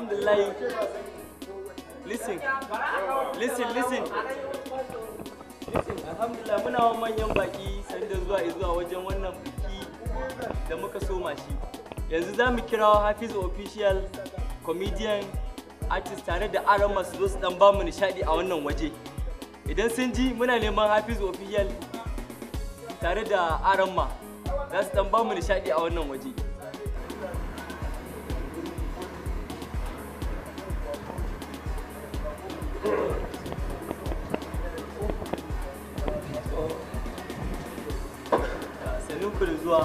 alhamdulillah listen listen listen alhamdulillah muna wa manyan baki sanda zuwa zuwa wajen wannan biki da muka soma shi yanzu za mu kira hafiz official comedian artist tare da aron masu zo su dan ba mu nishadi a wannan waje idan sun ji muna neman hafiz official tare da aron ma za su dan ba mu nishadi a wannan waje ku da zuwa.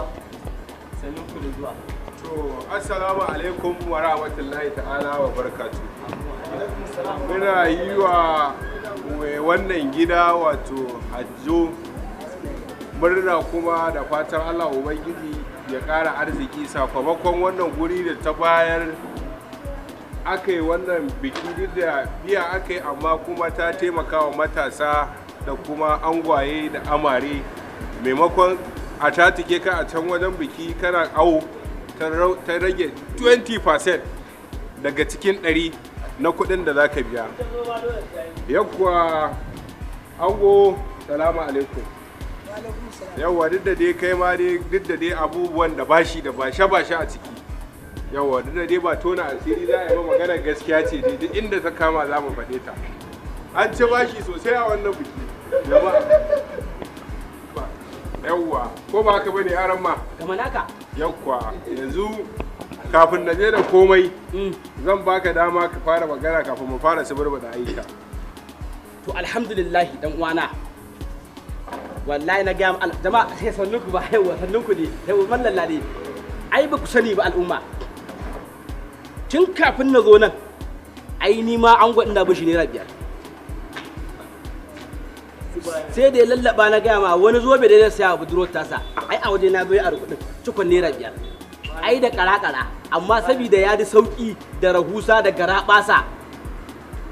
sannin ku da zuwa. To, Assalamu alaikum wa rahmatullahi ta'ala wa barkatu. Muna yi wa eh, wannan gida wato hajjo murna kuma da fatan Allah Ubangiji ya ƙara arziki sakamakon wannan guri da ta bayar aka yi wannan biki duk da biya aka yi amma kuma ta taimaka wa matasa da kuma angwaye da amare maimakon a tatike ka a can wajen biki kana awo ta rage 20% daga cikin 100 na kudin da za ka biya yakuwa ango salamu alaikum yawwa duk da dai kai ma dai duk da dai abubuwan da bashi da bashe bashe a ciki yawwa duk da dai ba tona asiri za a yi magana gaskiya ce dai duk inda ta kama za mu faɗe ta an ci bashi sosai a wannan biki yawwa ko ba haka bane aran ma gama naka yawwa yanzu kafin na je da komai mm. zan baka dama ka fara magana kafin mu fara suburba da ayyuka to alhamdulillah dan uwana wallahi na ga jama'a sai ku ba yawwa ku ne yawwa mallalla ne ai ba ku sani ba al'umma tun kafin na zo nan ai ni ma an gwadin da bishi naira biyar sai da ya lallaba na gaya ma wani zobe da ya saya a tasa ai a waje na bai a rukudin cikon naira biyar ai da kara-kara amma saboda ya sauki da rahusa da garabasa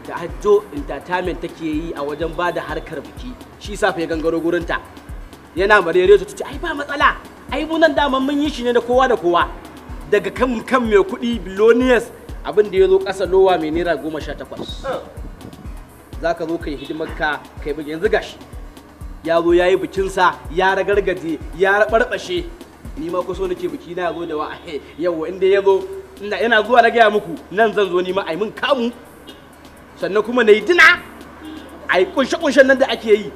da hajjo entertainment take yi a wajen ba da harkar biki shi sa ya gangaro ta yana marere ta ce ai ba matsala ai mu nan daman mun yi shi ne da kowa da kowa daga kan kan mai kuɗi billionaires abin da ya zo kasa lowa mai naira goma sha takwas za ka zo kai hidimar ka kai bugin yanzu gashi ya zo ya yi bikinsa ya ragargaje ya rabarbashe ni ma kuso nake biki na zo da wa yawa inda ya zo ina yana zuwa na gaya muku nan zan zo ni ma ai mun kamu sannan kuma na yi dina ai kunshe kunshen nan da ake yi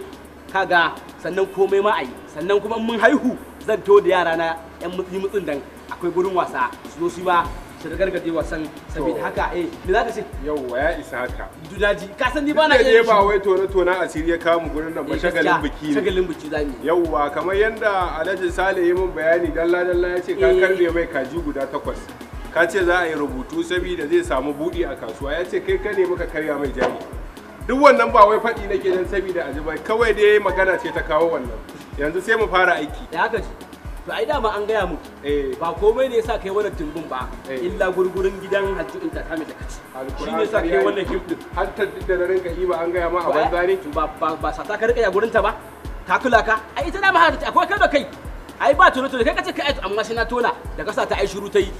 kaga sannan komai ma ai sannan kuma mun haihu zan to da yara na yan mutsi mutsin dan akwai gurin wasa su zo su ba su gargaje wasan saboda haka eh me za ka ce yauwa ya isa haka dudaji ka san ni ba na iya ba wai tona tona asiri ya kawo gurin nan ba eh, shagalin biki ne shagalin biki zamu yauwa kamar yanda Alhaji Sale ya min bayani dalla dalla ya ce ka eh. karbe mai kaji guda takwas ka ce za a yi rubutu saboda zai samu buɗi a kasuwa ya ce kai ka ne muka karya mai jami duk wannan ba wai faɗi nake dan saboda aji bai kawai dai magana ce ta kawo wannan yanzu sai mu fara aiki da haka ce to ai dama an gaya mun eh, ba komai ne yasa kai wannan tumbun ba eh. illa gurgurun gidan hajju in takame da shi ne yasa kai wannan gift din har ta da na rinka yi ba an gaya ma a banza ne ba ba ba sa ta ka rika ya gurin ta ba ka kula ka ai ita dama ta akwai kai da kai ai ba tuno tono kai kace kai amma shi na tona da kasa ta ai shiru ta yi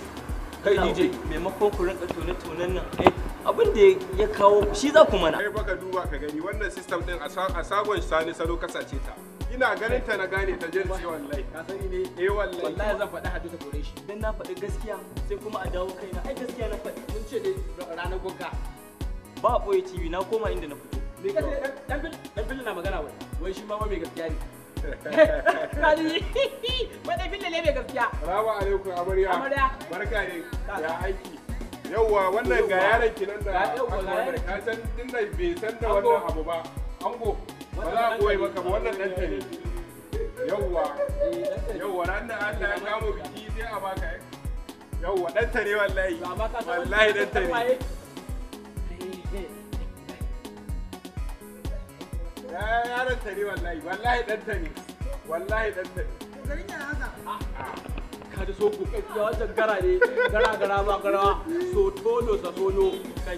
kai DJ maimakon ku rinka tone tonen nan ai abin da ya kawo shi za ku mana kai baka duba ka gani wannan system din a sagon sani salo kasace ta ina ganin ta na gane ta jirci wallahi ka sani ne eh wallahi wallahi zan faɗi hadu ta kore shi dan na faɗi gaskiya sai kuma a dawo kaina ai gaskiya na faɗi mun ce dai ranar gogga ba boye TV na koma inda na fito me ka dan bil dan bil na magana wai wai shi ma ba mai gaskiya ne Kadi, wai dan bil ne mai gaskiya. Assalamu alaikum amarya. Amarya. Barka ne. Ya aiki. Yauwa wannan ga yaron ki nan da ka san din da bai san da wannan abu ba. Ango. ba za a koyi maka ba wannan ɗanta ne yawwa yawwa ran da Allah ya kamo biki sai a baka ai yawwa ɗanta ne wallahi wallahi ɗanta ne Ya ta ne wallahi wallahi ɗanta ne wallahi ɗanta ne garin yana haka ka da so kuka ya wajen gara ne gara gara ma gara so tono sa tono kai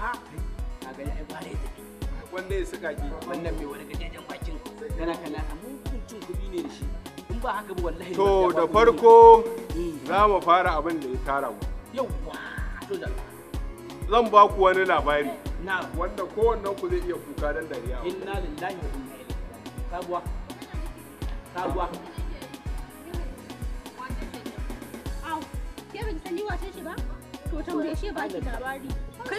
ha ka bare ta wanda ya saka ki wannan mai wani gajejen bakin kana kana cin ne da shi in ba haka ba wallahi to da farko eh. za mu fara abin da ya tara mu yauwa to da zan ba ku wani labari wanda kowannen ku zai iya kuka dan dariya inna lillahi wa inna ilaihi ke ban sani shi ba to tambaye shi ba ki labari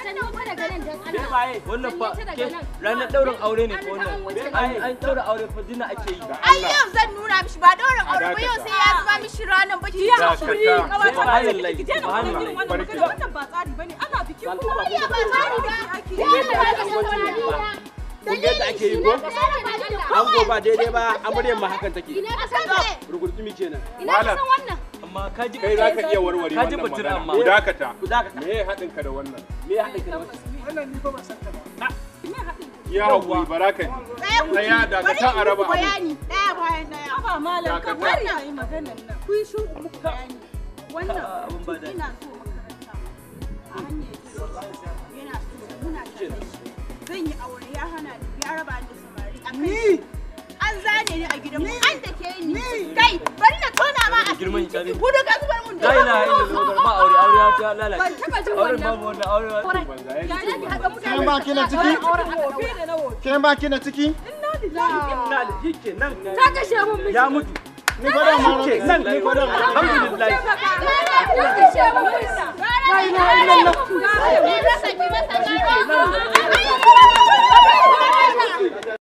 wannan fa ranar daurin aure ne ko wannan an daura aure fa dina ake yi ai yau zan nuna mishi ba daurin aure ba yau sai ya zuba mishi ranar ba ya hakuri ba ne ki dena wannan irin wannan magana wannan ba tsari bane ana biki kuma ba tsari ba ya ba tsari ba Kungiyar da ake ko? An ko ba daidai ba, amaryar ma hakan take. Ina ka san Rugurtumi kenan. Ina ka san wannan? amma ka ji kai zaka iya warware wannan ka ji amma ku dakata ku dakata me haɗin ka da wannan me haɗin ka da wannan ni ba san ka ba ya hawa baraka ne na ya daga ta abu bayani daya bayan daya ba malam ka bari yayi maganar nan ku yi shu ku bayani wannan ina so makaranta a hanyar yana so muna tare zan yi aure ya hana ya raba ni samari akai an zane ni a gidan mu an da ke ni girman hijabi gudu ka zubar mun da ba aure aure ta lalace ban taba jin wannan wannan aure kin ba ciki kin ba ciki inna lillahi inna ta kashe mun miji ya mutu ni mu ni mu alhamdulillah ta kashe mun miji ni masa